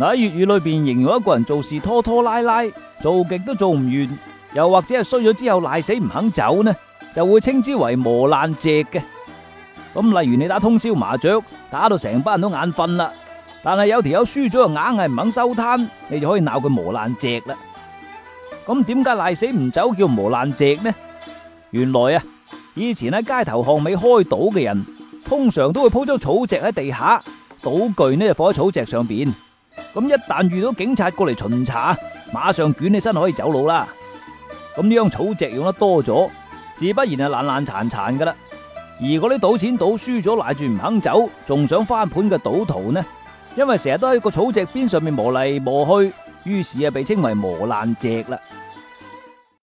嗱，喺粵語裏邊，形容一個人做事拖拖拉拉，做極都做唔完，又或者係衰咗之後賴死唔肯走呢，就會稱之為磨爛席嘅。咁例如你打通宵麻雀，打到成班人都眼瞓啦，但係有條友輸咗就硬係唔肯收攤，你就可以鬧佢磨爛席啦。咁點解賴死唔走叫磨爛席呢？原來啊，以前喺街頭巷尾開賭嘅人，通常都會鋪咗草席喺地下，賭具呢就放喺草席上邊。咁一旦遇到警察過嚟巡查，馬上捲起身可以走佬啦。咁呢張草席用得多咗，自不然係爛爛殘殘噶啦。而嗰啲賭錢賭輸咗賴住唔肯走，仲想翻盤嘅賭徒呢，因為成日都喺個草席邊上面磨嚟磨去，於是啊被稱為磨爛席啦。